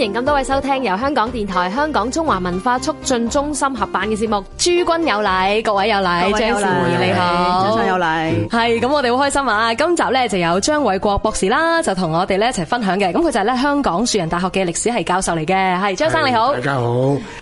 歡迎咁多位收聽由香港電台、香港中華文化促進中心合辦嘅節目《諸君有禮》，各位有禮。張仕梅，你好，張生有禮。係咁、嗯，我哋好開心啊！今集呢，就有張偉國博士啦，就同我哋咧一齊分享嘅。咁佢就係咧香港樹人大學嘅歷史系教授嚟嘅。係，張生你好，大家好。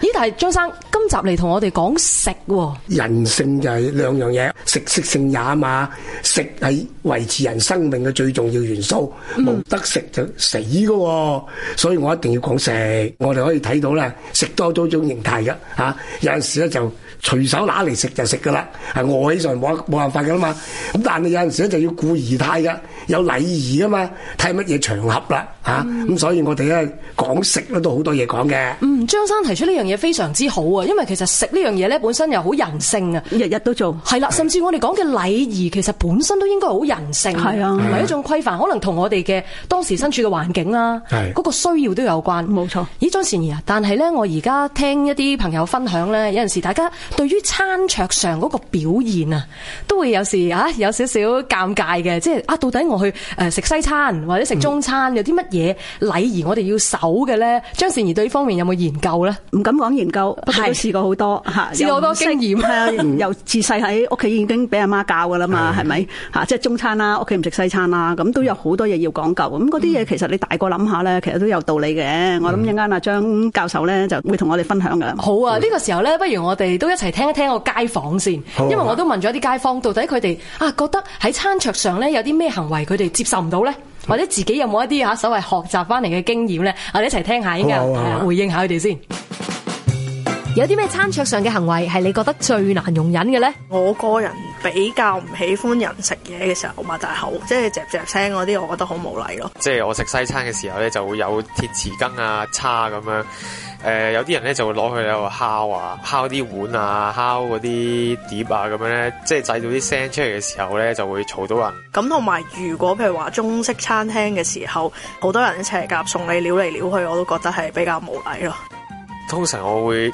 咦，但係張生今集嚟同我哋講食、啊，人性就係兩樣嘢，食色性也啊嘛，食係維持人生命嘅最重要元素，冇、嗯、得食就死噶，所以我一定要。好食，我哋可以睇到啦，食多多種形態噶吓，有陣時咧就隨手拿嚟食就食噶啦，係餓起上冇冇辦法噶嘛。咁但係有陣時咧就要顧儀態噶，有禮儀噶嘛，睇乜嘢場合啦。啊，咁、嗯、所以我哋咧講食咧都好多嘢講嘅。嗯，張生提出呢樣嘢非常之好啊，因為其實食呢樣嘢咧本身又好人性啊，日日都做。係啦了，是甚至我哋講嘅禮儀其實本身都應該好人性，係啊，唔係一種規範可能同我哋嘅當時身處嘅環境啦、啊，是嗰個需要都有關，冇錯錯，咦，張倩怡啊，但係咧我而家聽一啲朋友分享咧，有陣時大家對於餐桌上嗰個表現啊，都會有時啊有少少尷尬嘅，即係啊到底我去誒、呃、食西餐或者食中餐有啲乜嘢？嘢禮儀，我哋要守嘅咧，張善儀對呢方面有冇研究咧？唔敢講研究，不過都試過好多，試過好多經驗。係啊，又自細喺屋企已經俾阿媽教噶啦嘛，係咪？嚇，即係中餐啦，屋企唔食西餐啦，咁都有好多嘢要講究。咁嗰啲嘢其實你大個諗下咧，其實都有道理嘅。嗯、我諗陣間阿張教授咧就會同我哋分享噶啦。好啊，呢 個時候咧，不如我哋都一齊聽一聽個街坊先，因為我都問咗啲街坊，到底佢哋啊覺得喺餐桌上咧有啲咩行為佢哋接受唔到咧？或者自己有冇一啲嚇所謂學習翻嚟嘅經驗咧？我哋一齊聽下應該，回應下佢哋先。有啲咩餐桌上嘅行為係你覺得最難容忍嘅咧？我個人比較唔喜歡人食嘢嘅時候擘大口，即係嚼嚼聲嗰啲，我覺得好無禮咯。即係我食西餐嘅時候咧，就會有鐵匙羹啊叉咁樣。誒、呃，有啲人咧就會攞佢喺度敲啊，敲啲碗啊，敲嗰啲，啊、碟啊，咁樣咧，即係製造啲聲出嚟嘅時候咧，就會嘈到人。咁同埋，如果譬如話中式餐廳嘅時候，好多人一齊夾餸，你撩嚟撩去，我都覺得係比較無禮咯。通常我會。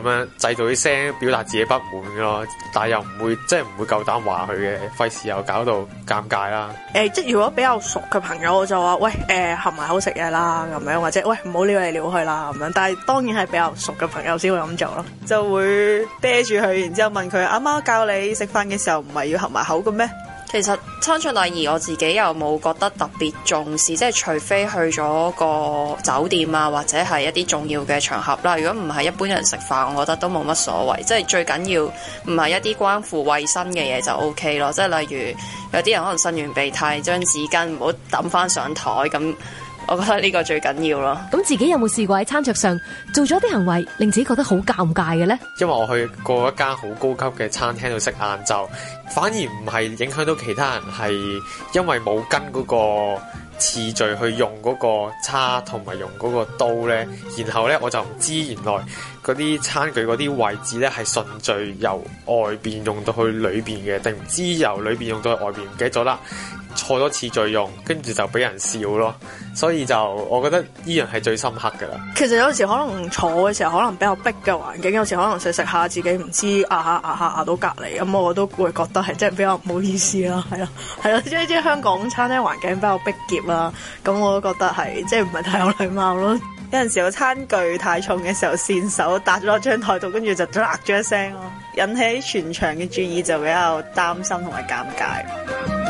咁樣製造啲聲表達自己不滿咯，但係又唔會即係唔會夠膽話佢嘅，費事又搞到尷尬啦。誒、欸，即係如果比較熟嘅朋友就話：喂，誒、呃，合埋口食嘢啦，咁樣或者喂，唔好撩嚟撩去啦，咁樣。但係當然係比較熟嘅朋友先會咁做咯，就會啤住佢，然之後問佢：阿媽教你食飯嘅時候唔係要合埋口嘅咩？其實餐桌禮儀我自己又冇覺得特別重視，即係除非去咗個酒店啊，或者係一啲重要嘅場合啦。如果唔係一般人食飯，我覺得都冇乜所謂。即係最緊要唔係一啲關乎衞生嘅嘢就 OK 咯。即係例如有啲人可能擤完鼻涕，將紙巾唔好抌翻上台咁。我覺得呢個最緊要咯。咁自己有冇試過喺餐桌上做咗啲行為，令自己覺得好尷尬嘅呢？因為我去過一間好高級嘅餐廳度食晏晝，反而唔係影響到其他人，係因為冇跟嗰個次序去用嗰個叉同埋用嗰個刀呢。然後呢，我就唔知原來嗰啲餐具嗰啲位置呢係順序由外邊用到去裏邊嘅，定唔知由裏邊用到去外邊？唔記得咗啦，錯咗次序用，跟住就俾人笑咯。所以就，我覺得呢樣係最深刻㗎喇。其實有陣時可能坐嘅時候，可能比較逼嘅環境，有時可能想食下自己唔知壓下壓下壓到隔籬，咁我都會覺得係即係比較唔好意思啦、啊，係咯、啊，係咯、啊，即係即係香港餐廳環境比較逼夾啦，咁我都覺得係即係唔係太有禮貌咯。有陣時個餐具太重嘅時候，扇手搭咗落張枱度，跟住就喇咗一聲咯，引起全場嘅注意，就比較擔心同埋尷尬。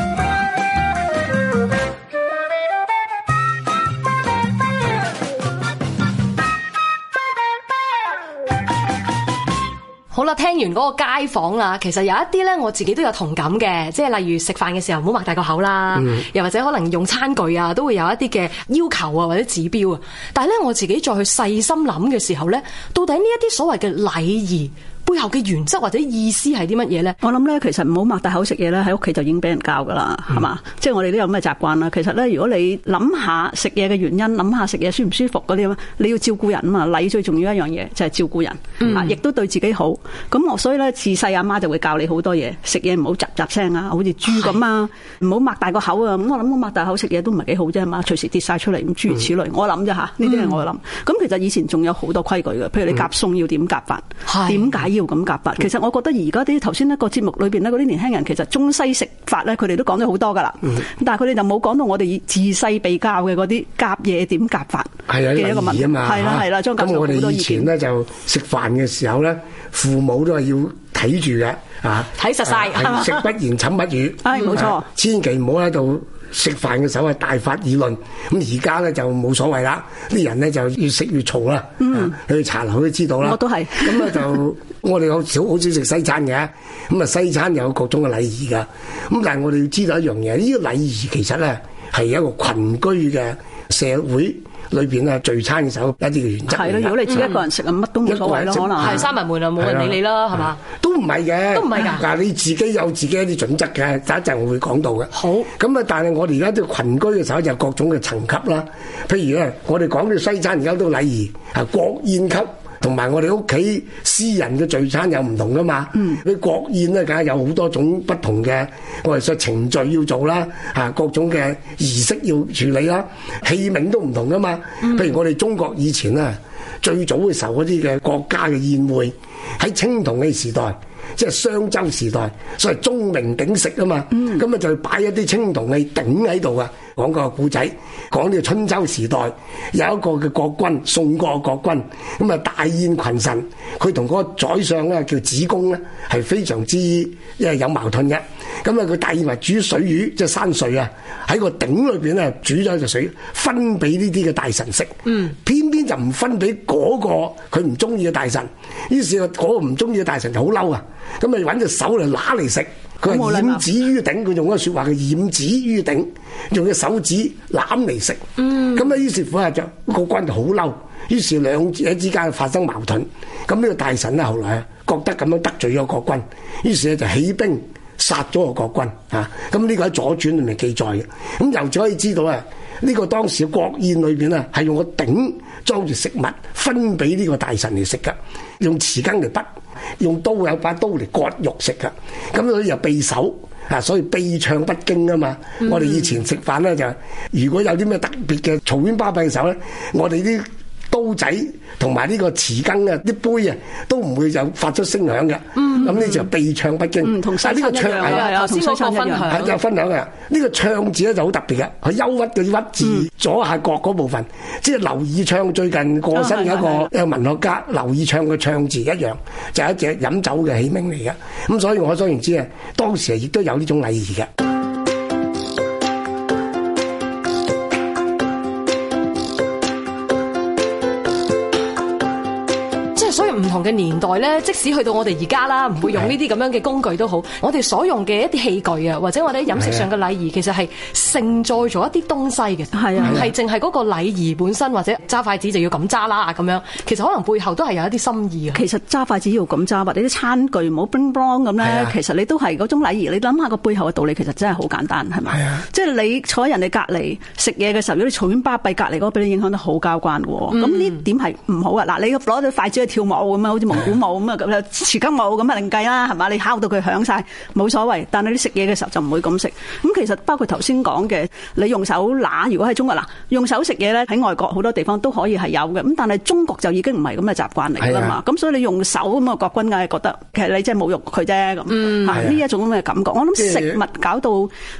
好啦，聽完嗰個街坊啊，其實有一啲呢，我自己都有同感嘅，即係例如食飯嘅時候唔好擘大個口啦，mm hmm. 又或者可能用餐具啊，都會有一啲嘅要求啊或者指標啊。但係呢，我自己再去細心諗嘅時候呢，到底呢一啲所謂嘅禮儀。.背後嘅原則或者意思係啲乜嘢咧？我諗咧，其實唔好擘大口食嘢咧，喺屋企就已經俾人教噶啦，係嘛、嗯？即係我哋都有咁嘅習慣啦。其實咧，如果你諗下食嘢嘅原因，諗下食嘢舒唔舒服嗰啲，你要照顧人啊，禮最重要一樣嘢就係、是、照顧人、嗯啊、亦都對自己好。咁、啊、我所以咧，自細阿媽就會教你好多嘢，食嘢唔好雜雜聲啊，我我好似豬咁啊，唔好擘大個口啊。咁我諗，擘大口食嘢都唔係幾好啫嘛，隨時跌晒出嚟，諸如此類。嗯、我諗啫嚇，呢啲係我諗。咁、嗯、其實以前仲有好多規矩嘅，譬如你夾餸要點夾法，點解？要咁夾法，其實我覺得而家啲頭先一個節目裏邊呢嗰啲年輕人其實中西食法咧，佢哋都講咗好多噶啦。嗯、但係佢哋就冇講到我哋自細被教嘅嗰啲夾嘢，點夾法嘅一個疑問啊。係啦係啦，張教授好多意見。咁我哋以前咧見就食飯嘅時候咧，父母都係要睇住嘅啊，睇實晒，食不言，寢不語。唉、 哎，冇錯、啊，千祈唔好喺度。食飯嘅時候係大發議論，咁而家咧就冇所謂啦，啲人咧就越食越嘈啦。Mm hmm. 去茶樓都知道啦也， 我都係。咁啊，就我哋好少好少食西餐嘅，咁啊西餐有各種嘅禮儀噶，咁但係我哋要知道一樣嘢，呢、呢個禮儀其實咧係一個群居嘅社會。裏邊啊聚餐嘅時候一啲嘅原則、啊，係咯、嗯，如果你自己一個人食能啊，乜吧都冇所謂咯，可能係閂埋門啦，冇人理你啦，係嘛？都唔係嘅，都唔係噶，但係你自己有自己一啲準則嘅，等一陣我會講到嘅。好、哦，咁啊，但係我哋而家啲群居嘅時候就各種嘅層級啦，嗯、譬如咧，我哋講到西餐而家都禮儀啊，國宴級。同埋我哋屋企私人嘅聚餐有唔同噶嘛？你、嗯、國宴咧，梗係有好多種不同嘅，我哋所程序要做啦，嚇各種嘅儀式要處理啦，器皿都唔同噶嘛。嗯、譬如我哋中國以前啊，最早嘅時候嗰啲嘅國家嘅宴會，喺青銅器時代。即係商周時代，所謂鐘鳴鼎食啊嘛，咁啊、嗯、就擺一啲青銅器鼎喺度啊。講個古仔，講呢個春秋時代有一個嘅國君，宋國嘅國君，咁啊大宴群臣，佢同嗰個宰相咧叫子公咧係非常之，因為有矛盾嘅。咁啊！佢大以為煮水魚，即係山水啊，喺個頂裏邊啊煮咗隻水，分俾呢啲嘅大臣食。嗯。偏偏就唔分俾嗰個佢唔中意嘅大臣，於是嗰個唔中意嘅大臣就好嬲啊。咁啊，揾隻手嚟揦嚟食。佢係染指於頂，佢用嘅說話係染指於頂，用隻手指攬嚟食。嗯。咁啊、那個，於是乎啊，就國君就好嬲，於是兩者之間發生矛盾。咁呢個大臣咧，後來啊覺得咁樣得罪咗國君，於是咧就起兵。殺咗個國君，嚇、啊！咁呢個喺左傳裏面記載嘅。咁、啊、由此可以知道啊，呢、這個當時國宴裏邊啊，係用個鼎裝住食物，分俾呢個大臣嚟食嘅。用匙羹嚟畢，用刀有把刀嚟割肉食嘅。咁、啊、所以就匕首，嚇、啊！所以匕鬯不驚啊嘛。嗯、我哋以前食飯咧就，如果有啲咩特別嘅嘈冤巴閉嘅時候咧，我哋啲。刀仔同埋呢個匙羹啊，啲杯啊，都唔會有發出聲響嘅。咁呢就匕鬯不驚，但係呢個鬯係頭先嗰個一樣嘅、啊，係有分享嘅。呢、這個鬯字咧就好特別嘅、啊，佢、嗯、憂鬱嘅鬱字左下角嗰部分，即係劉以鬯最近過身嘅一個文學家劉以鬯嘅鬯字一樣，就係、是、一隻飲酒嘅器皿嚟嘅。咁、嗯、所以我雖然知啊，當時係亦都有呢種禮儀嘅。嘅年代咧，即使去到我哋而家啦，唔會用呢啲咁樣嘅工具都好，是的 我哋所用嘅一啲器具啊，或者我哋飲食上嘅禮儀其實係盛載咗一啲東西嘅，係啊，係淨係嗰個禮儀本身，或者揸筷子就要咁揸啦咁樣，其實可能背後都係有一啲心意啊。其實揸筷子要咁揸，或者啲餐具唔好乒乓咁咧，是的 其實你都係嗰種禮儀。你諗下個背後嘅道理，其實真係好簡單，係嘛？即係你坐喺人哋隔離食嘢嘅時候，如果你嘈巴閉隔離嗰個，俾你影響得、喔嗯、好交關嘅喎。咁呢點係唔好啊，嗱，你攞對筷子去跳舞咁樣。好似蒙古舞咁啊，咁啊，持金舞咁啊，另計啦，係嘛？你敲到佢響晒，冇所謂，但係你食嘢嘅時候就唔會咁食。咁其實包括頭先講嘅，你用手拿，如果喺中國嗱，用手食嘢咧，喺外國好多地方都可以係有嘅。咁但係中國就已經唔係咁嘅習慣嚟㗎嘛。咁所以你用手咁啊，國軍梗係覺得其實你真係侮辱佢啫。咁呢一種咁嘅感覺，我諗食物搞到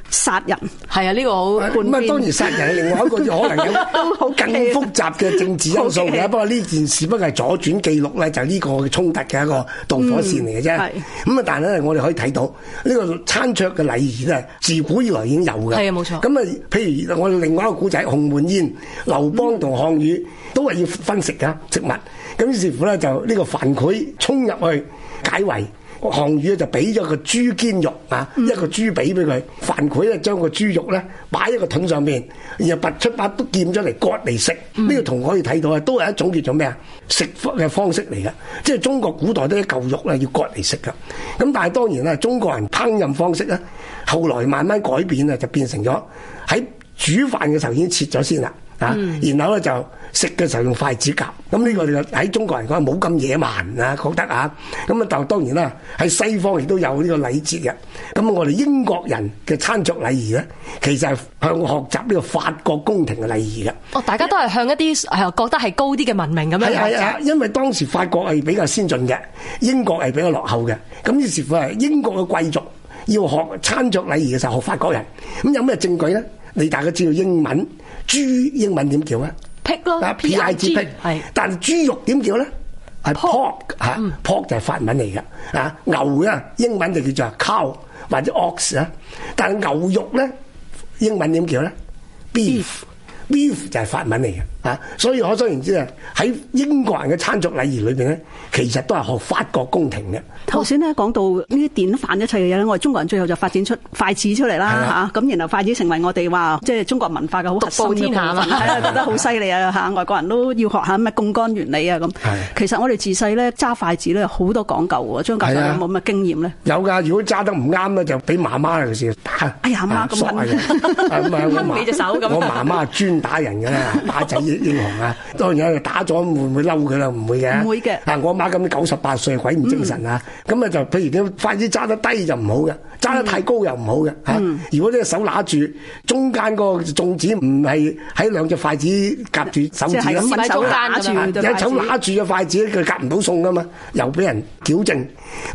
殺人，係啊，呢個好。咁當然殺人另外一個可能咁，更複雜嘅政治因素不過呢件事，不過係左轉記錄咧，就呢。呢個衝突嘅一個導火線嚟嘅啫，咁啊、嗯，但係咧，我哋可以睇到呢、這個餐桌嘅禮儀咧，自古以來已經有嘅，係啊，冇錯。咁啊，譬如我哋另外一個古仔，鴻門宴，劉邦同項羽都係要分食嘅食物，咁於是乎咧，就呢個樊噲衝入去解圍。項羽就俾咗個豬肩肉啊，嗯、一個豬髀俾佢，樊噲咧將個豬肉咧擺喺個桶上面，然後拔出把刀劍出嚟割嚟食。呢、嗯、個圖可以睇到啊，都係一種叫做咩啊食嘅方式嚟嘅，即係中國古代都啲嚿肉咧要割嚟食噶。咁但係當然啦，中國人烹飪方式咧，後來慢慢改變啊，就變成咗喺煮飯嘅時候已經切咗先啦啊，嗯、然後咧就。食嘅時候用筷子夾，咁呢個就喺中國人講冇咁野蠻啊，覺得啊，咁啊，但當然啦，喺西方亦都有呢個禮節嘅。咁我哋英國人嘅餐桌禮儀咧，其實係向學習呢個法國宮廷嘅禮儀嘅。哦，大家都係向一啲係覺得係高啲嘅文明咁樣樣。嗯、係啊，係啊，因為當時法國係比較先進嘅，英國係比較落後嘅。咁於是乎係英國嘅貴族要學餐桌禮儀嘅時候，就是、學法國人。咁有咩證據咧？你大家知道英文豬英文點叫啊？辟咯，P.I. 字劈，Pick, M、G, 但豬肉點叫咧？係 pork 嚇、嗯、，pork 就係法文嚟嘅。啊，牛啊，英文就叫做 cow 或者 ox 啊。但係牛肉咧，英文點叫咧？beef。B 就係法文嚟嘅，啊，所以可想而知啊喺英國人嘅餐桌禮儀裏邊咧，其實都係學法國宮廷嘅。頭先咧講到呢啲典範一切嘅嘢咧，我哋中國人最後就發展出筷子出嚟啦，嚇，咁然後筷子成為我哋話即係中國文化嘅好核心之物，覺得好犀利啊嚇！外國人都要學下咩槓桿原理啊咁。咁其實我哋自細咧揸筷子咧好多講究喎，張教授有冇乜經驗咧？有㗎，如果揸得唔啱咧，就俾媽媽有時打。哎呀，阿媽咁狠嘅，咁俾隻手咁。我媽媽專 打人噶啦，打仔英雄啊！當然啦，打咗會唔會嬲佢啦？唔會嘅。唔會嘅。啊， 我阿媽咁九十八歲，鬼唔精神啊！咁啊、嗯，就譬如啲筷子揸得低就唔好嘅，揸得太高又唔好嘅嚇、嗯啊。如果咧手攞住，中間個粽子唔係喺兩隻筷子夾住手指，唔喺中間攔住，而手攔住嘅筷子佢夾唔到餸噶嘛，又俾人矯正。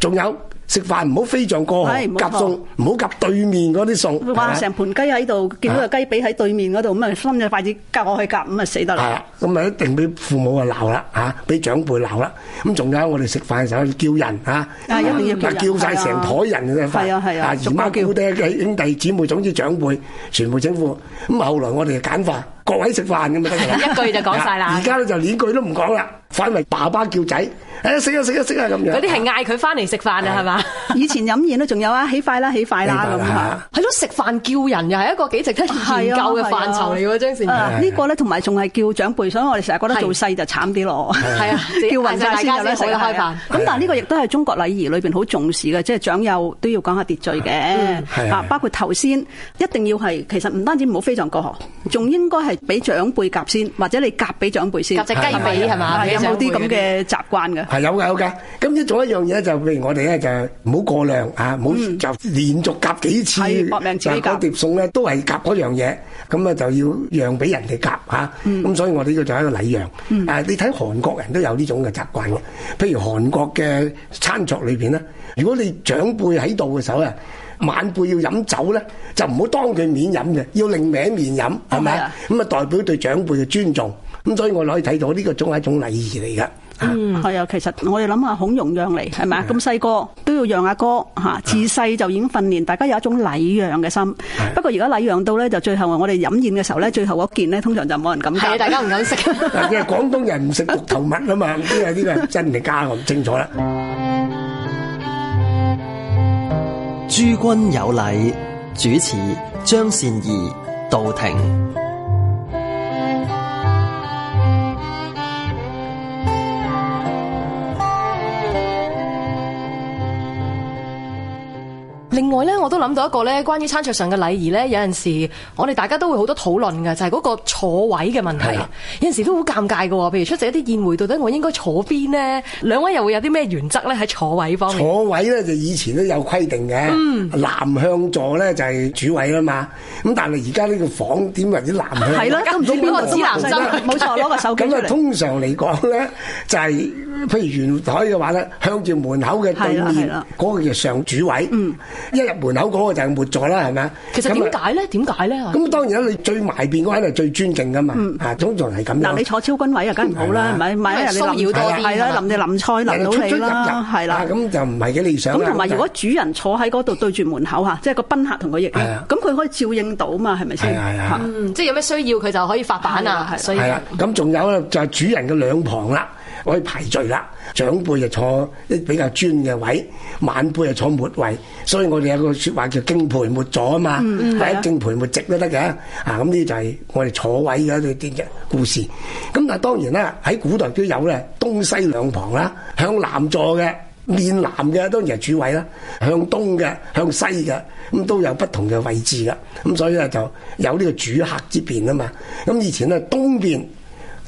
仲有。食飯唔好飛象過河，夾餸唔好夾對面嗰啲餸。哇！成盤雞喺度，見到個雞髀喺對面嗰度，咁啊，伸隻筷子夾我去夾，咁啊死得啦！係啊，咁啊一定俾父母啊鬧啦嚇，俾長輩鬧啦。咁仲有我哋食飯嘅時候叫人嚇，啊一定要叫！叫晒成枱人嘅，係啊係啊，姨媽、兄弟、兄弟姊妹，總之長輩全部請過。咁後來我哋就簡化，各位食飯咁咪得啦。一句就講晒啦。而家咧就連句都唔講啦。反為爸爸叫仔，誒食啊食啊食啊咁樣。嗰啲係嗌佢翻嚟食飯啊，係嘛？以前飲宴都仲有啊，起筷啦，起筷啦咁啊。係咯，食飯叫人又係一個幾值得研究嘅範疇嚟嘅張善餘。呢個咧同埋仲係叫長輩，所以我哋成日覺得做細就慘啲咯。係啊，叫完大家姐食就開飯。咁但係呢個亦都係中國禮儀裏邊好重視嘅，即係長幼都要講下秩序嘅。啊，包括頭先一定要係其實唔單止唔好飛象過河，仲應該係俾長輩夾先，或者你夾俾長輩先。夾隻雞髀係嘛？有啲咁嘅習慣嘅，係、嗯、有㗎有㗎。咁一種一樣嘢就，譬如我哋咧就唔好過量啊，唔好就連續夾幾次。係搏命自己夾碟餸咧，都係夾嗰樣嘢。咁啊就要讓俾人哋夾吓。咁、嗯、所以我哋呢個就係一個禮讓。誒、嗯啊，你睇韓國人都有呢種嘅習慣喎。譬如韓國嘅餐桌裏邊咧，如果你長輩喺度嘅時候咧，晚輩要飲酒咧，就唔好當佢面飲嘅，要擰歪面飲，係咪？咁啊代表對長輩嘅尊重。咁所以我可以睇到呢個仲係一種禮儀嚟噶。嗯，係啊，其實我哋諗下孔融讓梨，係咪啊？咁細個都要讓阿哥吓，自細就已經訓練，大家有一種禮讓嘅心。的不過而家禮讓到咧，就最後我哋飲宴嘅時候咧，最後嗰件咧，通常就冇人敢夾。係啊，大家唔敢食。 因為廣東人唔食骨頭物啊嘛，呢個呢個真定假唔清楚啦。諸 君有禮，主持張善儀道庭。另外咧，我都諗到一個咧，關於餐桌上嘅禮儀咧，有陣時我哋大家都會好多討論嘅，就係、是、嗰個坐位嘅問題。的有陣時都好尷尬嘅，譬如出席一啲宴會，到底我應該坐邊呢？兩位又會有啲咩原則咧？喺坐位方面。坐位咧就以前都有規定嘅，嗯、南向座咧就係、是、主位啦嘛。咁但係而家呢個房點為之南向？係咯，揀唔知邊個指南針，冇錯，攞個手機咁啊、嗯，通常嚟講咧，就係、是、譬如圓台嘅話咧，向住門口嘅對面嗰個就上主位。嗯。一入門口嗰個就係末座啦，係咪啊？其實點解咧？點解咧？咁當然啦，你最埋邊嗰個肯定最尊敬噶嘛。嗯。嚇，通常係咁樣。嗱，你坐超君位又梗係唔好啦，係咪？咪喺度騷擾多啲。係啦，臨嘅臨菜臨到你啦，係啦。咁就唔係幾理想。咁同埋如果主人坐喺嗰度對住門口嚇，即係個賓客同佢亦係啊咁佢可以照應到嘛？係咪先？係啊。即係有咩需要佢就可以發板啊，係。係啊。咁仲有咧，就係主人嘅兩旁啦。可以排序啦，長輩就坐啲比較尊嘅位，晚輩就坐末位。所以我哋有個説話叫敬陪末座啊嘛，或者、嗯「敬陪末席」都得嘅。啊，咁呢就係我哋坐位嘅一啲故事。咁但係當然啦，喺古代都有咧，東西兩旁啦，向南坐嘅面南嘅當然係主位啦，向東嘅向西嘅咁都有不同嘅位置噶。咁所以咧就有呢個主客之別啊嘛。咁以前咧東邊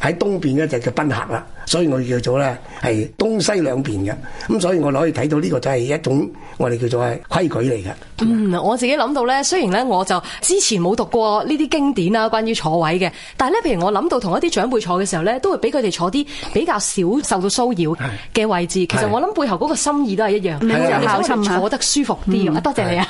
喺東邊咧就叫賓客啦。所以我叫做咧係東西兩邊嘅，咁、嗯、所以我可以睇到呢個就係一種我哋叫做係規矩嚟嘅。嗯，我自己諗到咧，雖然咧我就之前冇讀過呢啲經典啦、啊，關於坐位嘅，但係咧譬如我諗到同一啲長輩坐嘅時候咧，都會俾佢哋坐啲比較少受到騷擾嘅位置。是其實我諗背後嗰個心意都係一樣，考親、啊、坐得舒服啲。嗯、多謝你啊，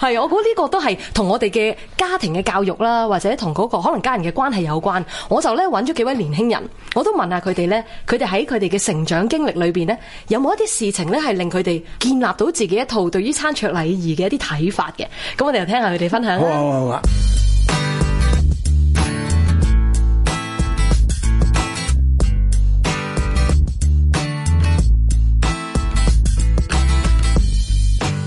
係 我估呢個都係同我哋嘅家庭嘅教育啦，或者同嗰、嗰個可能家人嘅關係有關。我就咧揾咗幾位年輕人，我都問下佢哋，咧，佢哋喺佢哋嘅成長經歷裏邊咧，有冇一啲事情咧，係令佢哋建立到自己一套對於餐桌禮儀嘅一啲睇法嘅？咁我哋又聽下佢哋分享啦。好好好。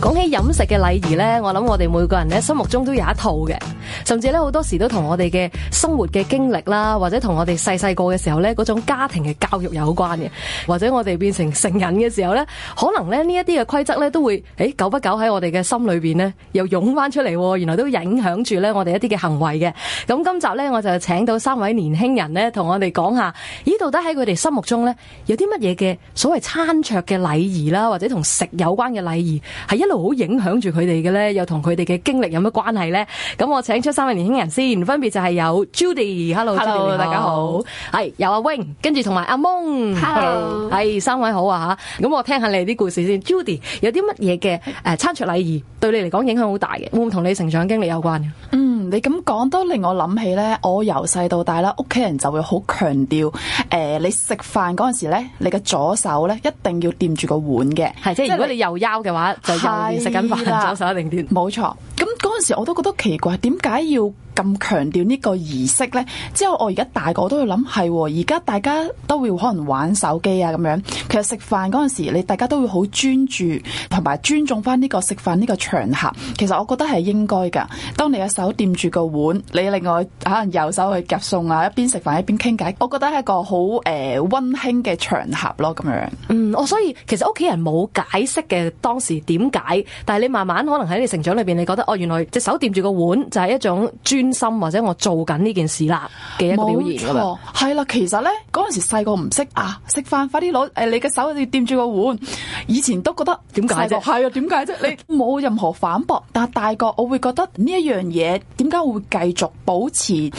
講起飲食嘅禮儀呢，我諗我哋每個人呢，心目中都有一套嘅，甚至呢好多時都同我哋嘅生活嘅經歷啦，或者同我哋細細個嘅時候呢嗰種家庭嘅教育有關嘅，或者我哋變成成人嘅時候呢，可能呢呢一啲嘅規則呢都會誒久、欸、不久喺我哋嘅心裏邊呢又湧翻出嚟，啊，原來都影響住呢我哋一啲嘅行為嘅。咁今集呢，我就請到三位年輕人呢同我哋講下，咦到底喺佢哋心目中呢，有啲乜嘢嘅所謂餐桌嘅禮儀啦，或者同食有關嘅禮儀係一路。好影響住佢哋嘅咧，又同佢哋嘅經歷有乜關係咧？咁我請出三位年輕人先，分別就係有 Judy，Hello，Hello 大家好。係有阿 wing，跟住同埋阿 mon，係三位好啊吓，咁我聽下你哋啲故事先。Judy，有啲乜嘢嘅誒，餐桌禮儀對你嚟講影響好大嘅，會唔會同你成長經歷有關嘅啊？嗯，你咁講都令我諗起咧，我由細到大啦，屋企人就會好強調誒，你食飯嗰陣時咧，你嘅左手咧一定要掂住個碗嘅，係即係如果你右腰嘅話就。對食緊飯，左手一定掂？冇、 嗯、錯。咁嗰陣時我都覺得奇怪，點解要咁強調呢個儀式呢？之後我而家大個都要諗係喎，而家、哦、大家都會可能玩手機啊咁樣，其實食飯嗰陣時，你大家都會好專注同埋尊重翻呢個食飯呢個場合。其實我覺得係應該噶。當你嘅手掂住個碗，你另外可能右手去夾餸啊，一邊食飯一邊傾偈，我覺得係一個好誒溫馨嘅場合咯咁樣。嗯，我、哦、所以其實屋企人冇解釋嘅當時點解，但係你慢慢可能喺你成長裏邊，你覺得哦原來隻手掂住個碗就係一種專心或者我做緊呢件事啦錯，嘅一個表現啊嘛，係啦，其實呢，嗰陣時細個唔識啊，食飯快啲攞誒，你嘅手要掂住個碗。以前都覺得點解啫？係啊，點解啫？ 你冇任何反駁，但係大個我會覺得呢一樣嘢點解會繼續保持？即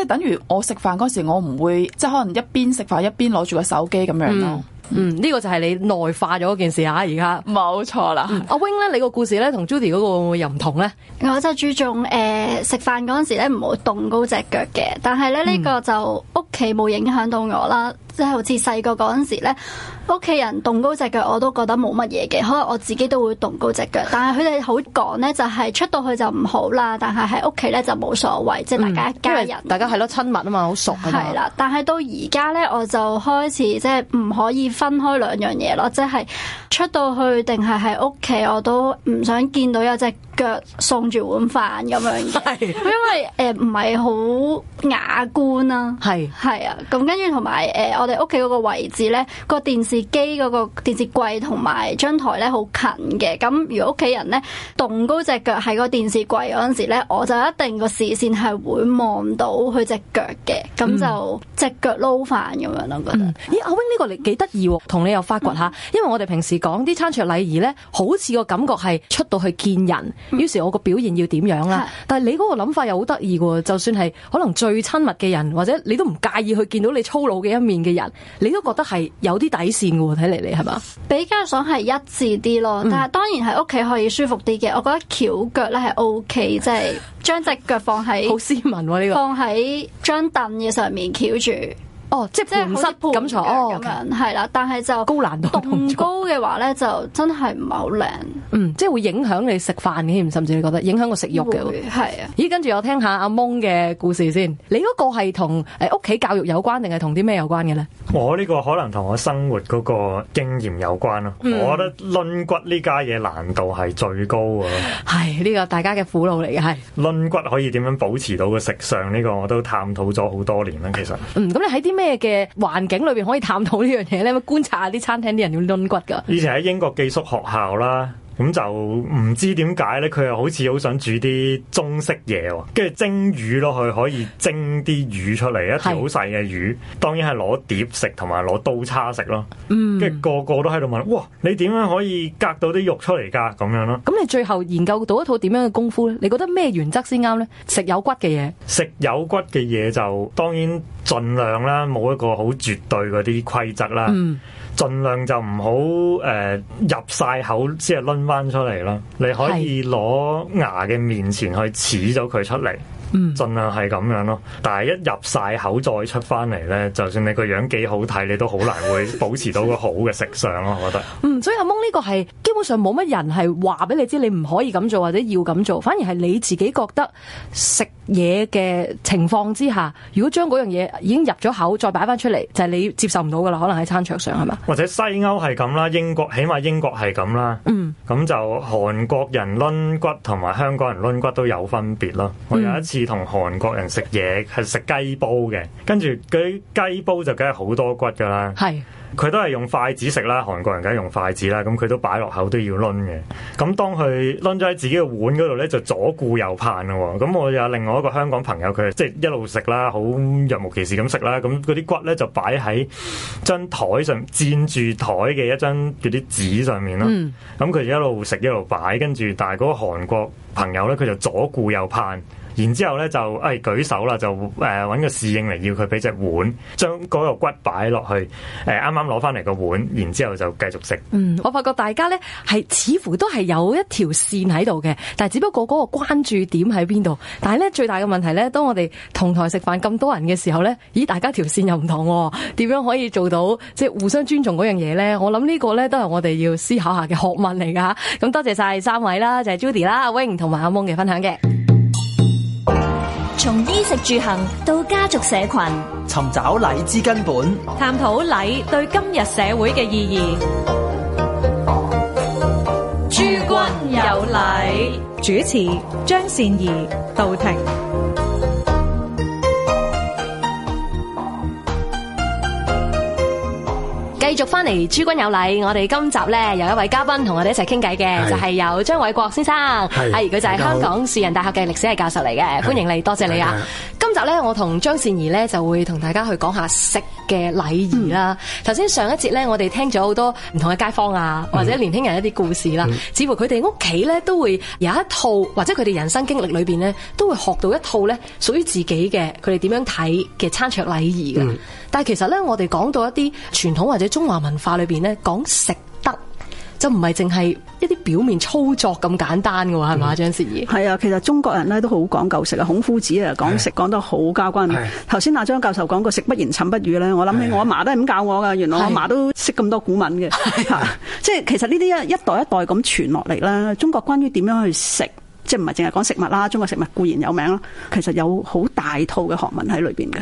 係等於我食飯嗰時我，我唔會即係可能一邊食飯一邊攞住個手機咁樣咯。嗯。嗯，呢、這個就係你內化咗件事啊！而家冇錯啦，阿 Wing 咧，啊、 你個故事咧同 Judy 嗰個會唔會又唔同咧？我就注重誒食飯嗰陣時咧唔好戙高隻腳嘅，但係咧呢、這個就屋企冇影響到我啦。即係好似細個嗰陣時呢，屋企人動高隻腳我都覺得冇乜嘢嘅，可能我自己都會動高隻腳。但係佢哋好講呢，就係出到去就唔好啦，但係喺屋企呢，就冇所謂，即係大家一家人，嗯、大家係咯，親密啊嘛，好熟係啦。但係到而家呢，我就開始即係唔可以分開兩樣嘢咯，即係出到去定係喺屋企，我都唔想見到有隻腳送住碗飯咁樣，因為誒唔係好雅觀啦。係係是啊，咁跟住同埋誒，我哋屋企嗰個位置咧，個電視機嗰個電視櫃同埋張台咧好近嘅。咁如果屋企人咧，動高隻腳喺個電視櫃嗰陣時咧，我就一定個視線係會望到佢隻腳嘅。咁、嗯、就隻腳撈飯咁樣咯，我覺得。嗯、咦，阿 Wing 呢個嚟幾得意，同你又發掘下。嗯、因為我哋平時講啲餐桌禮儀咧，好似個感覺係出到去見人。於是我個表現要點樣啦？是但係你嗰個諗法又好得意喎！就算係可能最親密嘅人，或者你都唔介意去見到你粗魯嘅一面嘅人，你都覺得係有啲底線嘅喎。睇嚟你係嘛？比較想係一致啲咯，嗯、但係當然喺屋企可以舒服啲嘅。我覺得翹腳咧係 OK，即係、嗯、將隻腳放喺好 斯文呢、啊呢個，放喺張凳嘅上面翹住。哦，即係盤失噉坐哦，係啦 okay.，但係就高難度，高嘅話咧就真係唔係好靚。嗯，即係會影響你食飯嘅，甚至你覺得影響個食欲嘅，係啊。咦，跟住我聽，聽下阿蒙嘅故事先。你嗰個係同誒屋企教育有關，定係同啲咩有關嘅咧？我呢、這個可能同我生活嗰個經驗有關咯、啊。嗯、我覺得掄骨呢家嘢難度係最高嘅。係呢、這個大家嘅苦惱嚟嘅係。掄骨可以點樣保持到個食相？呢、這個我都探討咗好多年啦，其實。咁、嗯、你喺啲咩？咩嘅環境裏邊可以探討呢樣嘢咧？觀察下啲餐廳啲人要攆骨㗎。以前喺英國寄宿學校啦。咁就唔知點解咧，佢又好似好想煮啲中式嘢喎、啊，跟住蒸魚落去可以蒸啲魚出嚟，一條好細嘅魚，是當然係攞碟食同埋攞刀叉食咯。嗯，跟住個個都喺度問，哇，你點樣可以隔到啲肉出嚟㗎？咁樣咯、啊。咁你最後研究到一套點樣嘅功夫咧？你覺得咩原則先啱咧？食有骨嘅嘢，食有骨嘅嘢就當然盡量啦，冇一個好絕對嗰啲規則啦。嗯，盡量就唔好誒入晒口先係翻出嚟咯，你可以攞牙嘅面前去齒咗佢出嚟。盡量係咁樣咯，但係一入晒口再出翻嚟呢，就算你個樣幾好睇，你都好難會保持到個好嘅食相咯，我覺得。 嗯，所以阿蒙呢個係基本上冇乜人係話俾你知你唔可以咁做或者要咁做，反而係你自己覺得食嘢嘅情況之下，如果將嗰樣嘢已經入咗口再擺翻出嚟，就係、是、你接受唔到噶啦，可能喺餐桌上係嘛？或者西歐係咁啦，英國起碼英國係咁啦。嗯。咁就韓國人攆骨同埋香港人攆骨都有分別咯。我有一次、嗯。同韓國人食嘢係食雞煲嘅，跟住佢雞煲就梗係好多骨㗎喇。係佢是都係用筷子食啦，韓國人梗係用筷子啦。咁佢都擺落口都要攣嘅。咁當佢攣咗喺自己嘅碗嗰度咧，就左顧右盼咯。咁我有另外一個香港朋友，佢即係一路食啦，好若無其事咁食啦。咁嗰啲骨咧就擺喺張台上，佔住台嘅一張嗰啲紙上面啦。咁佢、嗯、一路食一路擺，跟住但係嗰個韓國朋友咧，佢就左顧右盼。然之後咧就誒舉手啦，就誒揾個侍應嚟要佢俾隻碗，將嗰個骨擺落去誒啱啱攞翻嚟個碗，然之後就繼續食。嗯，我發覺大家咧係似乎都係有一條線喺度嘅，但係只不過嗰個關注點喺邊度。但係咧最大嘅問題咧，當我哋同台食飯咁多人嘅時候咧，咦，大家條線又唔同喎。哦，點樣可以做到即係、就是、互相尊重嗰樣嘢咧？我諗呢個咧都係我哋要思考下嘅學問嚟㗎嚇。咁、啊、多謝晒三位啦，就係、是、Judy 啦、啊、Wing 同埋阿 Mung 嘅分享嘅。嗯從衣食住行到家族社群，尋找禮之根本，探討禮，禮對今日社會嘅意義。諸君有禮，主持張善儀到庭。繼續翻嚟，諸君有禮。我哋今集呢，有一位嘉賓同我哋一齊傾偈嘅，是就係由張偉國先生，係佢是、啊、就係香港樹仁大學嘅歷史系教授嚟嘅，是歡迎你，多謝你啊！的今集呢，我同張善儀呢，就會同大家去講下食嘅禮儀啦。頭先、嗯、上一節呢，我哋聽咗好多唔同嘅街坊啊，或者年輕人一啲故事啦，嗯、似乎佢哋屋企呢，都會有一套，或者佢哋人生經歷裏邊呢，都會學到一套呢，屬於自己嘅佢哋點樣睇嘅餐桌禮儀嘅。嗯但係其實咧，我哋講到一啲傳統或者中華文化裏邊咧，講食得就唔係淨係一啲表面操作咁簡單噶喎係嘛張善儀？係啊，其實中國人咧，都好講究食啊，孔夫子啊講食講是的 得好交關。頭先是的 阿張教授講過食不言寢不語咧，我諗起是的 我阿嫲都係咁教我噶，原來我阿嫲是的 都識咁多古文嘅，即係其實呢啲一一代一代咁傳落嚟啦。中國關於點樣去食？即係唔係淨係講食物啦，中國食物固然有名啦，其實有好大套嘅學問喺裏邊嘅。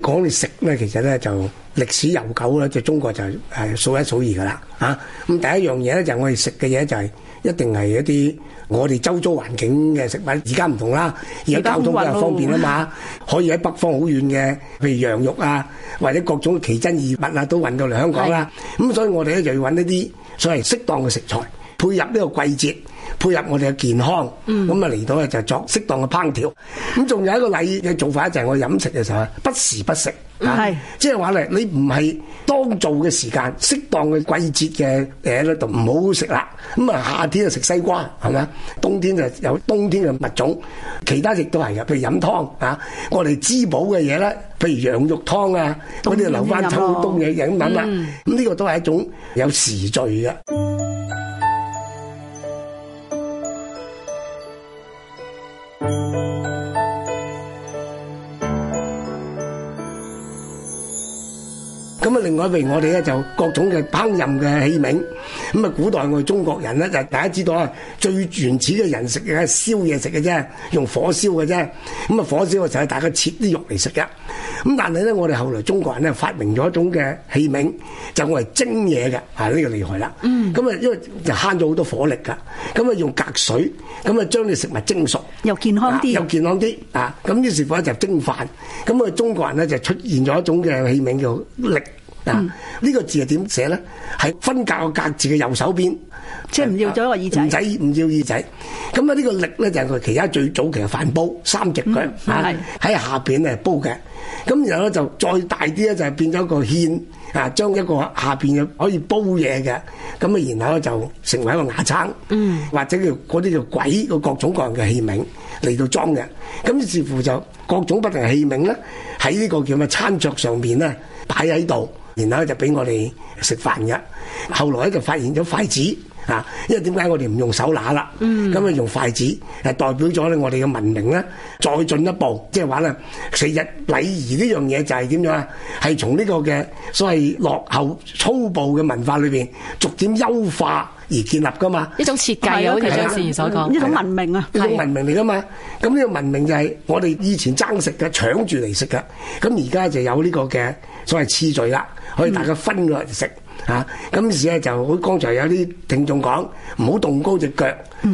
講嚟食咧，其實咧就歷史悠久啦，就中國就係係數一數二噶啦。啊，咁第一樣嘢咧就係我哋食嘅嘢就係一定係一啲我哋周遭環境嘅食物。而家唔同啦，而家交通比較方便啊嘛，可以喺北方好遠嘅，譬如羊肉啊，或者各種奇珍異物啊，都運到嚟香港啦。咁所以我哋咧就要揾一啲所謂適當嘅食材，配合呢個季節。配合我哋嘅健康，咁啊嚟到咧就作適當嘅烹調。咁仲有一個禮嘅做法就係我飲食嘅時候，不時不食是啊，即係話咧你唔係當做嘅時間，適當嘅季節嘅嘢咧就唔好食啦。咁、嗯、啊，夏天就食西瓜，係咪啊？冬天就有冬天嘅物種，其他亦都係嘅，譬如飲湯啊，我哋滋補嘅嘢咧，譬如羊肉湯啊，我哋留返秋冬嘅飲品啦、啊。咁呢、嗯嗯、個都係一種有時序嘅。另外一位，我哋咧就各種嘅烹飪嘅器皿。咁、嗯、啊，古代我哋中國人咧就大家知道啊，最原始嘅人食嘅係燒嘢食嘅啫，用火燒嘅啫。咁、嗯、啊、嗯，火燒就係大家切啲肉嚟食嘅。咁、嗯、但係咧，我哋後來中國人咧發明咗一種嘅器皿，就我係蒸嘢嘅，係、啊、呢、呢個厲害啦、嗯。嗯。咁啊，因為就慳咗好多火力㗎。咁啊，用隔水咁啊，將你食物蒸熟，又健康啲、啊，又健康啲。啊，咁於是乎咧就蒸飯。咁啊，中國人咧就出現咗一種嘅器皿叫力。嗱，呢、啊嗯、個字又點寫咧？係分隔個隔字嘅右手邊，即係唔要咗個耳仔，唔要耳仔。咁啊，呢個力咧就係佢其他最早期嘅飯煲，三隻腳啊，喺是下邊咧煲嘅。咁然後咧就再大啲咧就變咗個芡，啊，將一個下邊嘅可以煲嘢嘅。咁啊，然後咧就成為一個牙撐，嗯、或者叫嗰啲叫簋個各種各樣嘅器皿嚟到裝嘅。咁、啊、似乎就各種不同嘅器皿咧，喺呢個叫咩餐桌上面咧擺喺度。然後就俾我哋食飯嘅，後來咧就發現咗筷子吓、啊，因為點解我哋唔用手拿啦？嗯。咁啊用筷子，係代表咗咧我哋嘅文明咧再進一步，即係話咧，其實禮儀呢樣嘢就係點樣啊？係從呢個嘅所謂落後粗暴嘅文化裏邊，逐漸優化而建立噶嘛？一種設計好似、嗯、張思儀所講，一、嗯、種文明啊，一種文明嚟噶嘛？咁呢個文明就係我哋以前爭食嘅，搶住嚟食嘅，咁而家就有呢個嘅所謂次序啦。可以大家分落嚟食嚇，咁時咧就好。剛才有啲聽眾講唔好動高隻腳。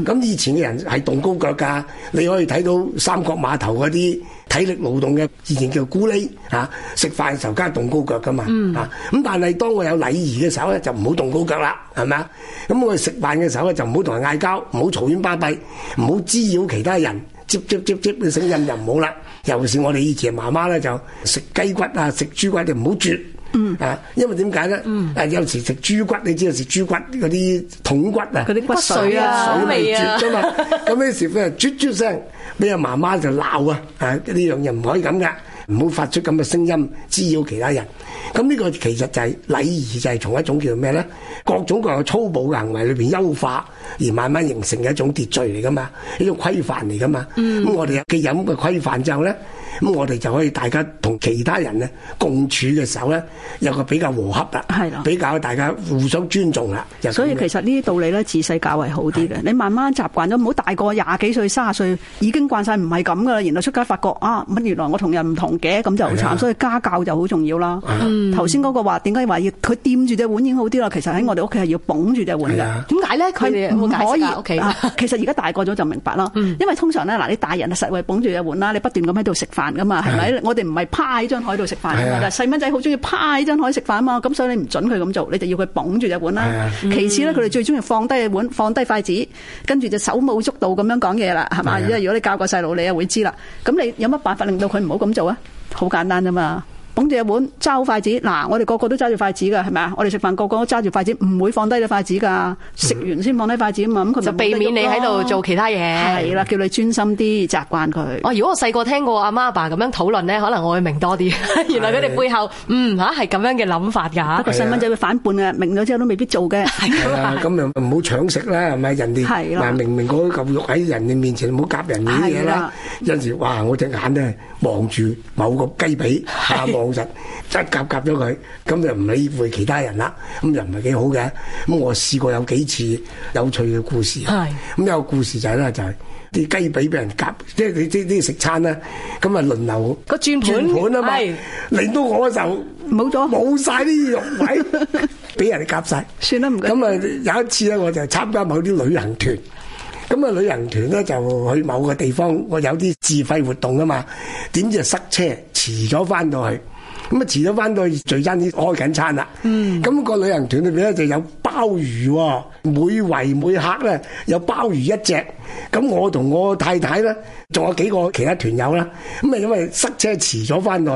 咁以前嘅人係動高腳噶，你可以睇到三角碼頭嗰啲體力勞動嘅，以前叫咕哩嚇，食飯嘅時候梗係動高腳噶嘛嚇。咁但係當我有禮儀嘅時候咧，就唔好動高腳啦，係咪啊？咁我哋食飯嘅時候咧，就唔好同人嗌交，唔好嘈冤巴閉，唔好滋擾其他人，唧唧唧唧嘅聲音就唔好啦。尤其是我哋以前媽媽咧，就食雞骨啊，食豬骨就唔好嚼。嗯啊，因為點解咧？嗯、啊，有時食豬骨，你知道食豬骨嗰啲筒骨啊，嗰啲骨髓啊，水咪絕咋嘛。咁沒、啊，呢 時佢又啜啜聲，俾阿媽媽就鬧啊，啊呢樣嘢唔可以咁噶。唔好發出咁嘅聲音，滋擾其他人。咁呢個其實就係禮儀，就係從一種叫做咩咧，各種各樣粗暴嘅行為裏邊優化而慢慢形成嘅一種秩序嚟噶嘛，呢種規範嚟噶嘛。咁、嗯、我哋有嘅咁嘅規範之後咧，咁我哋就可以大家同其他人咧共處嘅時候咧，有個比較和洽啦，的比較大家互相尊重啦。就是、所以其實呢啲道理咧，自細較為好啲嘅。的你慢慢習慣咗，唔好大過廿幾歲、卅歲已經慣晒，唔係咁噶啦，然後出街發覺啊，乜原，啊、原來我人同人唔同。嘅咁就好慘，所以家教就好重要啦。頭先嗰個話點解話要佢掂住隻碗已經好啲啦？其實喺我哋屋企係要捧住隻碗嘅。點解咧？佢唔可以。其實而家大個咗就明白啦。因為通常咧，嗱你大人實會捧住隻碗啦，你不斷咁喺度食飯噶嘛，係咪？我哋唔係趴喺張台度食飯㗎嘛，細蚊仔好中意趴喺張台食飯啊嘛，咁所以你唔準佢咁做，你就要佢捧住隻碗啦。其次咧，佢哋最中意放低隻碗，放低筷子，跟住就手舞足蹈咁樣講嘢啦，係嘛？因為如果你教個細路，你又會知啦。咁你有乜辦法令到佢唔好咁做啊？好簡單啫嘛～捧住隻碗，揸好筷子。嗱，我哋個個都揸住筷子噶，係咪啊？我哋食飯個個都揸住筷子，唔會放低隻筷子噶，食完先放低筷子啊嘛。咁佢就避免你喺度做其他嘢，係啦，叫你專心啲，習慣佢。哦，如果我細個聽過阿媽阿爸咁樣討論咧，可能我會明多啲。原來佢哋背後，嗯，吓係咁樣嘅諗法噶吓。不過細蚊仔會反叛啊，明咗之後都未必做嘅。係啦，咁咪唔好搶食啦，係咪？人哋嗱，明明嗰嚿肉喺人哋面前，唔好夾人嘢啦。有陣時，哇，我隻眼咧望住某個雞髀，吓望。真夾夾咗佢，咁就唔理會其他人啦。咁又唔係幾好嘅。咁我試過有幾次有趣嘅故事。係咁有個故事就係咧，就係啲雞髀俾人夾，即係佢啲啲食餐咧，咁啊輪流個轉盤啊嘛，令到我就冇咗冇晒啲肉位俾人哋夾晒。算啦唔緊。咁啊有一次咧，我就參加某啲旅行團，咁啊旅行團咧就去某個地方，我有啲自費活動啊嘛，點知啊塞車，遲咗返到去。咁啊，遲咗翻到去，聚餐啲開緊餐啦。咁、嗯、個旅行團裏邊咧就有鮑魚，哦，每圍每客咧有鮑魚一隻。咁我同我太太咧，仲有幾個其他團友啦。咁啊，因為塞車遲咗翻去。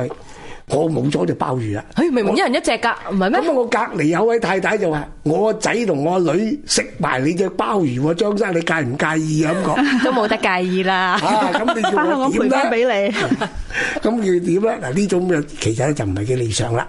我冇咗隻鮑魚啦、哎，明明一人一隻噶，唔係咩？咁我隔籬有位太太就話：我仔同我女食埋你隻鮑魚，張生你介唔介意啊？咁講 都冇得介意啦。咁、 啊、你要點 你，咁要點咧？嗱，呢種又其實就唔係幾理想啦。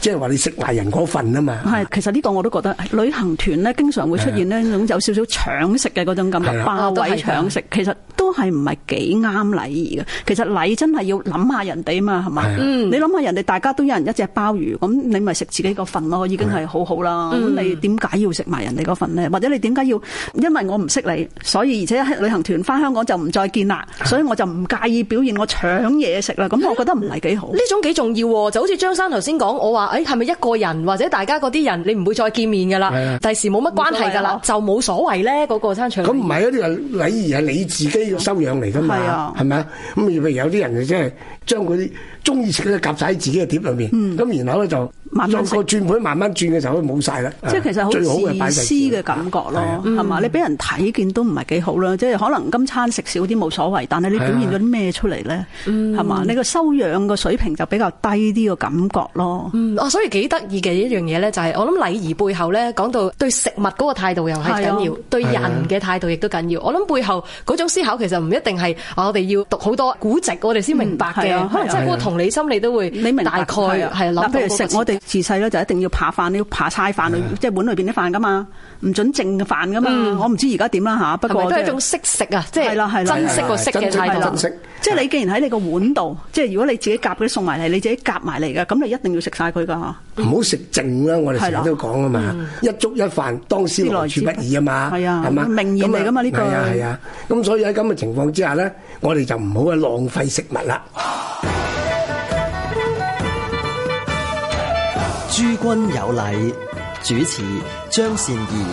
即係話你食埋人嗰份啊嘛。係，其實呢個我都覺得旅行團咧，經常會出現呢咁的有少少搶食嘅嗰種咁，霸位搶食，其實都係唔係幾啱禮儀嘅。其實禮真係要諗下人哋啊嘛，係嘛，你諗下，人哋大家都一人一隻鮑魚，咁你咪食自己個份咯，已經係好好啦。咁是的 你點解要食埋人哋嗰份咧？或者你點解要？因為我唔識你，所以而且旅行團翻香港就唔再見啦，所以我就唔介意表現我搶嘢食啦。咁我覺得唔係幾好。呢、嗯、種幾重要，就好似張生頭先講，我話，誒係咪一個人或者大家嗰啲人，你唔會再見面嘅啦？第時冇乜關係㗎啦，就冇所謂咧。嗰、那個爭搶。咁唔係啊？啲 禮儀係你自己嘅修養嚟㗎嘛，係咪啊？咁 有啲人就真係。將嗰啲中意食嗰啲夾曬喺自己嘅碟裏面，咁然後咧就將個轉盤慢慢轉嘅時候，佢冇晒啦。即係其實好自私嘅感覺咯，係嘛？你俾人睇見都唔係幾好啦。即係可能今餐食少啲冇所謂，但係你表現咗啲咩出嚟咧？係嘛？你個修養個水平就比較低啲嘅感覺咯。嗯，哦，所以幾得意嘅一樣嘢咧，就係我諗禮儀背後咧，講到對食物嗰個態度又係緊要，對人嘅態度亦都緊要。我諗背後嗰種思考其實唔一定係我哋要讀好多古籍，我哋先明白嘅。可能即係嗰個同理心，你都會你大概係諗。譬如食我哋自細咧，就一定要扒飯，要扒曬飯喺即係碗裏邊啲飯㗎嘛。唔准剩飯噶嘛，我唔知而家點啦吓。不過都係一種識食啊，即係珍惜個識嘅態度。即係你既然喺你個碗度，即係如果你自己夾嗰啲送埋嚟，你自己夾埋嚟嘅，咁你一定要食晒佢噶。唔好食剩啦，我哋成日都講啊嘛。一粥一飯，當思來處不易啊嘛。係啊，係嘛名言嚟噶嘛呢個。係啊，係啊。咁所以喺咁嘅情況之下咧，我哋就唔好去浪費食物啦。諸君有禮。主持張善怡、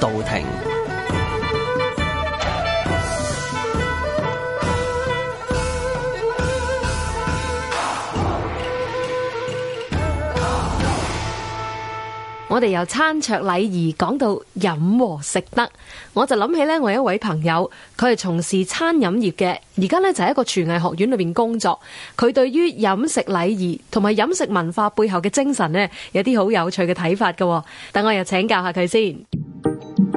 杜庭。我哋由餐桌禮儀講到飲和食得，我就諗起咧，我有一位朋友，佢係從事餐飲業嘅，而家咧就喺一個廚藝學院裏邊工作。佢對於飲食禮儀同埋飲食文化背後嘅精神咧，有啲好有趣嘅睇法嘅。等我又請教下佢先。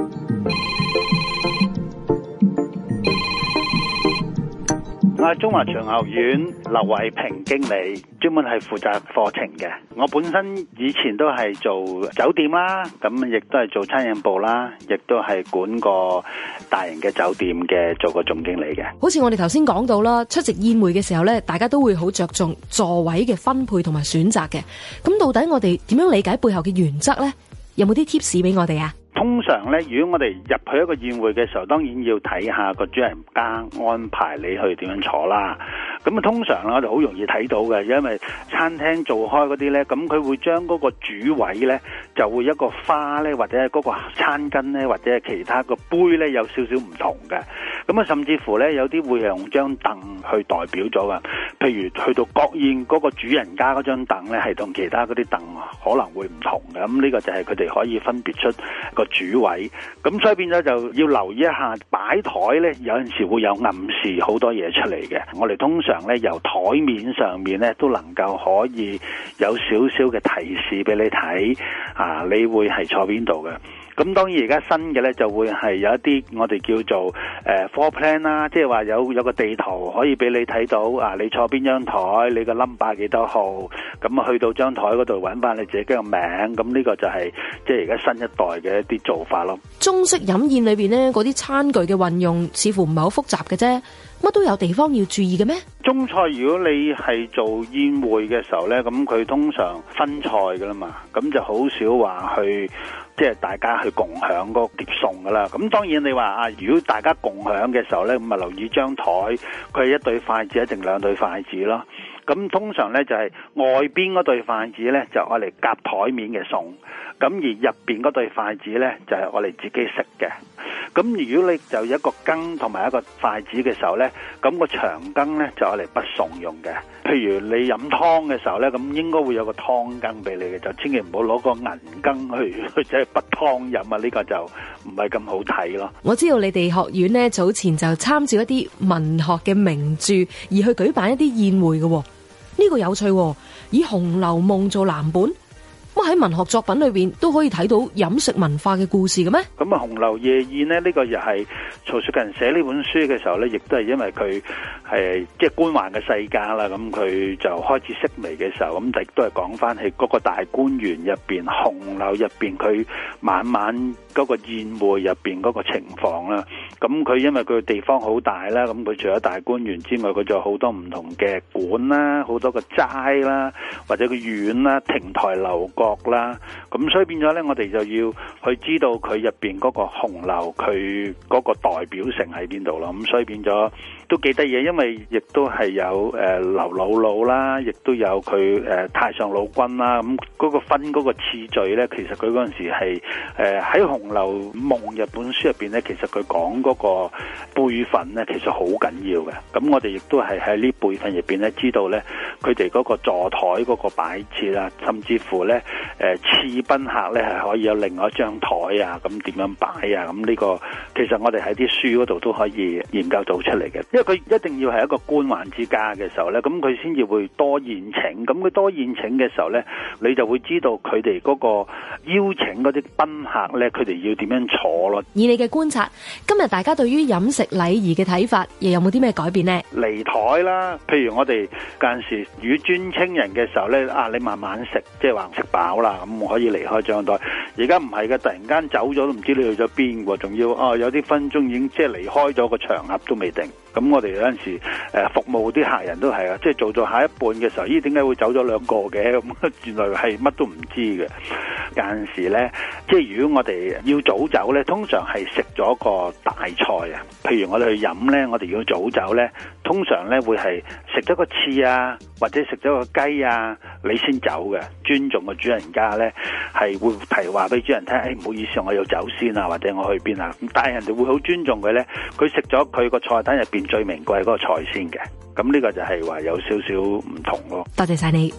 我係中華長學院劉偉平經理，專門係負責課程嘅。我本身以前都係做酒店啦，咁亦都係做餐飲部啦，亦都係管過大型嘅酒店嘅，做過總經理嘅。好似我哋頭先講到啦，出席宴會嘅時候咧，大家都會好着重座位嘅分配同埋選擇嘅。咁到底我哋點樣理解背後嘅原則咧？有冇啲 tips 俾我哋啊？通常咧，如果我哋入去一個宴會嘅時候，當然要睇下個主人家安排你去點樣坐啦。咁啊，通常我哋好容易睇到嘅，因為餐廳做開啲咧，咁佢會將個主位咧就會一個花咧，或者個餐巾咧，或者係其他個杯咧有少少唔同嘅。咁啊，甚至乎咧有啲會用張凳去代表咗嘅。譬如去到國宴個主人家張凳咧，係同其他啲凳可能會唔同嘅。咁呢個就係佢哋可以分別出個。主位，咁所以變咗就要留意一下擺台咧，有陣時會有暗示好多嘢出嚟嘅。我哋通常咧由台面上面咧都能夠可以有少少嘅提示俾你睇，啊，你會係坐邊度嘅。咁當然而家新嘅咧就會係有一啲我哋叫做誒 floor plan 啦，即係話有有個地圖可以俾你睇到啊！你坐邊張台，你個 number 幾多號，咁啊去到張台嗰度揾翻你自己嘅名，咁呢個就係即係而家新一代嘅一啲做法咯。中式飲宴裏邊咧，嗰啲餐具嘅運用似乎唔係好複雜嘅啫。乜都有地方要注意嘅咩？中菜如果你係做宴會嘅時候呢，咁佢通常分菜噶啦嘛，咁就好少話去即係大家去共享嗰碟餸噶啦。咁當然你話啊，如果大家共享嘅時候呢，咁咪留意張台，佢係一對筷子一定兩對筷子咯。咁通常咧就係外邊嗰對筷子咧就我嚟夾台面嘅餸，咁而入邊嗰對筷子咧就係我哋自己食嘅。咁如果你就有一個羹同埋一個筷子嘅時候咧，咁個長羹咧就我嚟撥餸用嘅。譬如你飲湯嘅時候咧，咁應該會有個湯羹俾你嘅，就千祈唔好攞個銀羹去去即係撥湯飲啊！呢個就唔係咁好睇咯。我知道你哋學院咧早前就參照一啲文學嘅名著而去舉辦一啲宴會㗎喎。呢個有趣！哦，以《紅樓夢》做藍本，乜喺文學作品裏邊都可以睇到飲食文化嘅故事嘅咩？咁啊，《紅樓夜宴》呢？呢、呢個又係曹雪芹寫呢本書嘅時候咧，亦都係因為佢係、呃、即係官宦嘅世家啦。咁佢就開始識微嘅時候，咁亦都係講翻喺嗰個大觀園入邊，紅樓入邊，佢慢慢。嗰個宴會入邊嗰個情況啦，咁佢因為佢地方好大啦，咁佢除咗大觀園之外，佢仲有好多唔同嘅館啦，好多個齋啦，或者個院啦、亭台樓閣啦，咁所以變咗咧，我哋就要去知道佢入邊嗰個紅樓佢嗰個代表性喺邊度咯，咁所以變咗都幾得意，因為亦都係有誒、呃、劉姥姥啦，亦都有佢誒、呃、太上老君啦，咁、那、嗰個分嗰個次序咧，其實佢嗰陣時係喺、呃、紅。《留夢》日本書入邊咧，其實佢講嗰個輩份咧，其實好緊要嘅。咁我哋亦都係喺呢輩份入邊咧，知道咧佢哋嗰個座台嗰個擺設啦，甚至乎咧誒，次、呃、賓客咧係可以有另外一張台啊，咁、嗯、點樣擺啊？咁、嗯、呢、這個其實我哋喺啲書嗰度都可以研究到出嚟嘅，因為佢一定要係一個官宦之家嘅時候咧，咁佢先至會多宴請。咁佢多宴請嘅時候咧，你就會知道佢哋嗰個邀請嗰啲賓客咧，佢哋。要點樣坐咯？以你嘅觀察，今日大家對於飲食禮儀嘅睇法，又有冇啲咩改變呢？離台啦，譬如我哋嗰陣時與尊青人嘅時候咧，啊，你慢慢食，即係話食飽啦，咁可以離開張台。而家唔係噶，突然間走咗都唔知你去咗邊，仲要啊，有啲分鐘已經即係離開咗個場合都未定。咁我哋有陣時誒，服務啲客人都係啊，即係做到下一半嘅時候，咦，點解會走咗兩個嘅？咁原來係乜都唔知嘅。有陣時咧，即係如果我哋要早走咧，通常係食咗個大菜啊。譬如我哋去飲咧，我哋要早走咧，通常咧會係食咗個翅啊。或者食咗個雞啊，你先走嘅，尊重個主人家呢，係會提話俾主人聽，誒、哎，唔好意思，我要先走先啊，或者我去邊啊，但係人哋會好尊重佢呢，佢食咗佢個菜單入邊最名貴嗰個菜先嘅，咁呢個就係話有少少唔同咯。多謝晒你。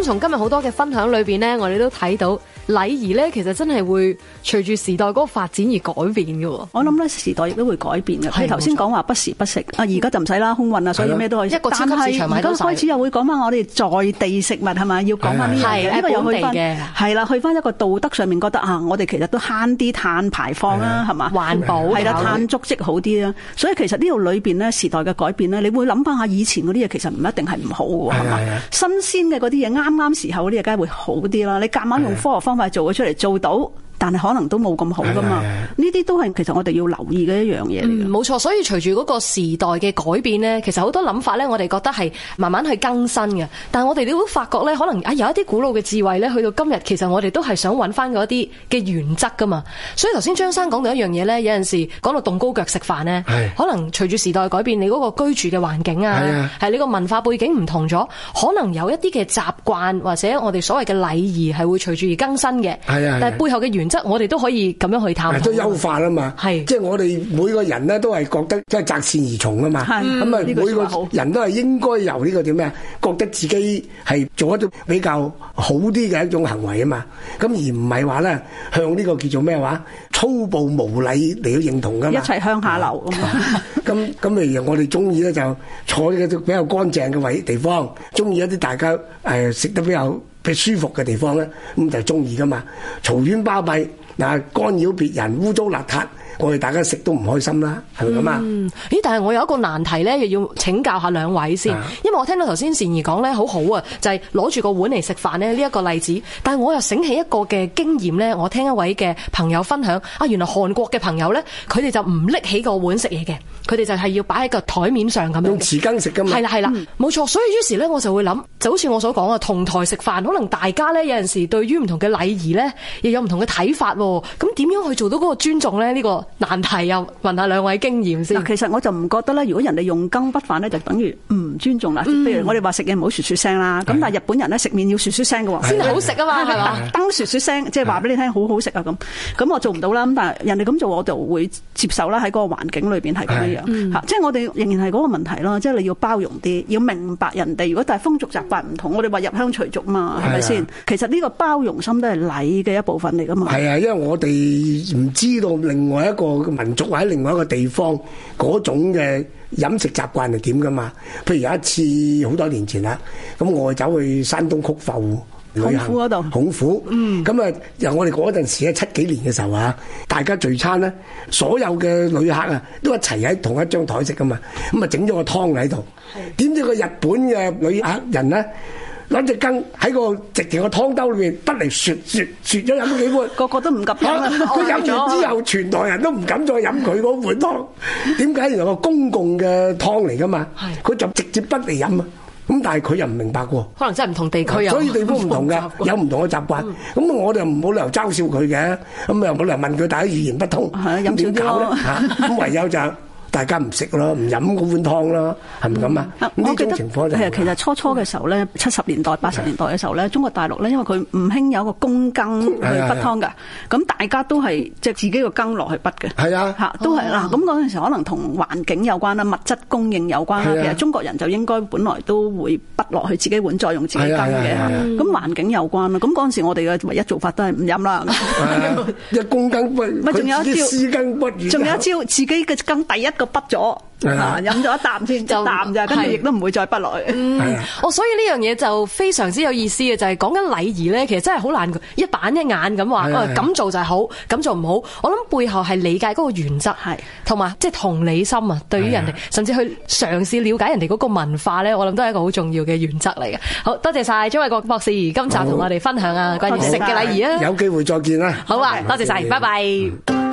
咁從今日好多嘅分享裏邊咧，我哋都睇到。禮儀咧，其實真係會隨住時代嗰個發展而改變嘅。我諗咧，時代亦都會改變嘅。佢頭先講話不時不食啊，而家就唔使啦，空運啊，所以咩都可以。一個超級市場，但係而家開始又會講翻我哋在地食物係咪？要講翻呢樣嘢，呢個又去翻嘅係啦，去翻一個道德上面覺得啊，我哋其實都慳啲碳排放啊，係嘛？環保係啦，碳足跡好啲啦。所以其實呢度裏邊咧，時代嘅改變咧，你會諗翻下以前嗰啲嘢，其實唔一定係唔好嘅，係嘛？新鮮嘅嗰啲嘢，啱啱時候嗰啲嘢梗係會好啲啦。你夾硬用科學方。係做咗出嚟做到。但係可能都冇咁好噶嘛？呢啲都係其實我哋要留意嘅一樣嘢。冇錯，所以隨住嗰個時代嘅改變呢，其實好多諗法呢，我哋覺得係慢慢去更新嘅。但係我哋都發覺呢，可能啊有一啲古老嘅智慧呢，去到今日，其實我哋都係想揾翻嗰啲嘅原則噶嘛。所以頭先張生講到一樣嘢呢，有陣時講到動高腳食飯呢，的可能隨住時代改變，你嗰個居住嘅環境啊，係的你個文化背景唔同咗，可能有一啲嘅習慣或者我哋所謂嘅禮儀係會隨住而更新嘅。的的但係背後嘅原則即係我哋都可以咁樣去探討，都優化啊嘛。係，即係我哋每個人咧都係覺得即係擇善而從啊嘛。係，咁啊每個人都係應該由個呢個叫咩啊？覺得自己係做一啲比較好啲嘅一種行為啊嘛。咁而唔係話咧向呢個叫做咩話粗暴無禮嚟到認同㗎嘛。一齊鄉下流。咁咁例如我哋中意咧就坐嘅都比較乾淨嘅位地方，中意一啲大家誒、呃、食得比較俾舒服嘅地方咧，咁就中意㗎嘛！嘈喧巴閉，嗱，干擾別人，污糟邋遢。我哋大家食都唔開心啦，係咪咁啊？嗯，咦！但係我有一個難題呢，又要請教下兩位先，的因為我聽到頭先善兒講呢，好好啊，就係攞住個碗嚟食飯呢。呢一個例子。但係我又醒起一個嘅經驗呢。我聽一位嘅朋友分享啊，原來韓國嘅朋友呢，佢哋就唔拎起個碗食嘢嘅，佢哋就係要擺喺個台面上咁樣。用匙羹食㗎嘛。係啦，係啦，冇、嗯、錯。所以於是呢，我就會諗，就好似我所講啊，同台食飯，可能大家呢，有陣時對於唔同嘅禮儀呢，又有唔同嘅睇法喎。咁點樣去做到嗰個尊重呢？呢個難題又問下兩位經驗先。嗱，其實我就唔覺得咧，如果人哋用羹不飯咧，就等於唔尊重啦。嗯。譬如我哋話食嘢唔好説説聲啦，咁但係日本人咧食麵要説説聲嘅喎，先好食啊嘛，係嘛？當説説聲，即係話俾你聽，好好食啊咁。咁我做唔到啦。咁但係人哋咁做，我就會接受啦。喺嗰個環境裏邊係咁樣樣。即係我哋仍然係嗰個問題咯。即係你要包容啲，要明白人哋。如果但係風俗習慣唔同，我哋話入鄉隨俗嘛，係咪先？其實呢個包容心都係禮嘅一部分嚟㗎嘛。係啊，因為我哋唔知道另外一個民族或者另外一個地方嗰種嘅飲食習慣係點噶嘛？譬如有一次好多年前啦，咁我走去山東曲阜旅行，孔府嗰度，孔府，嗯，咁啊由我哋嗰陣時咧七幾年嘅時候啊，大家聚餐咧，所有嘅旅客啊都一齊喺同一張台食噶嘛，咁啊整咗個湯喺度，點知個日本嘅旅客人咧？攞隻羹喺個直情個湯兜裡邊，不嚟雪雪雪咗飲咗幾杯，個個都唔及。飲佢飲完之後， 全台人都唔敢再飲佢個碗湯。點解？原來個公共嘅湯嚟噶嘛？係佢 就直接不嚟飲啊！咁但係佢又唔明白喎。 可能真係唔同地區， 所以地方唔同噶，有唔同嘅習慣。咁、 嗯、我哋又冇理由嘲笑佢嘅，咁又冇理由問佢，大家語言不通，點 搞咧？嚇！咁唯有就。大家唔食咯，唔飲嗰碗湯咯，係唔咁啊？我記得，況就其實初初嘅時候咧，七十年代、八十年代嘅時候咧，中國大陸咧，因為佢唔興有一個公羹去不湯嘅，咁大家都係即係自己個羹落去不嘅。係啊，嚇都係啦。咁嗰陣時可能同環境有關啦，物質供應有關啦。其實中國人就應該本來都會不落去自己碗，再用自己羹嘅。咁環境有關啦。咁嗰陣時我哋嘅唯一做法都係唔飲啦。一公羹不唔係仲有一招？仲有一招，自己嘅羹第一個。滗咗，飲咗一啖先，就啖咋，跟住亦都唔會再滗落去。哦，所以呢樣嘢就非常之有意思嘅，就係講緊禮儀咧，其實真係好難一板一眼咁話，啊咁做就係好，咁做唔好。我諗背後係理解嗰個原則，係同埋即係同理心啊。對於人哋，甚至去嘗試了解人哋嗰個文化咧，我諗都係一個好重要嘅原則嚟嘅。好多謝曬張衛國博士今集同我哋分享啊，關於食嘅禮儀啊，有機會再見啊。好啊，多謝曬，拜拜。